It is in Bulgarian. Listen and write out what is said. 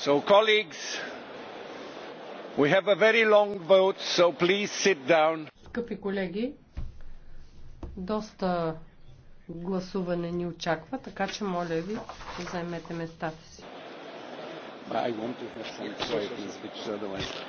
So, colleagues, we have a very long vote, so please sit down. Скъпи колеги, доста гласуване ни очаква, така че моля ви, заемете местата си. I want to have some quietness because otherwise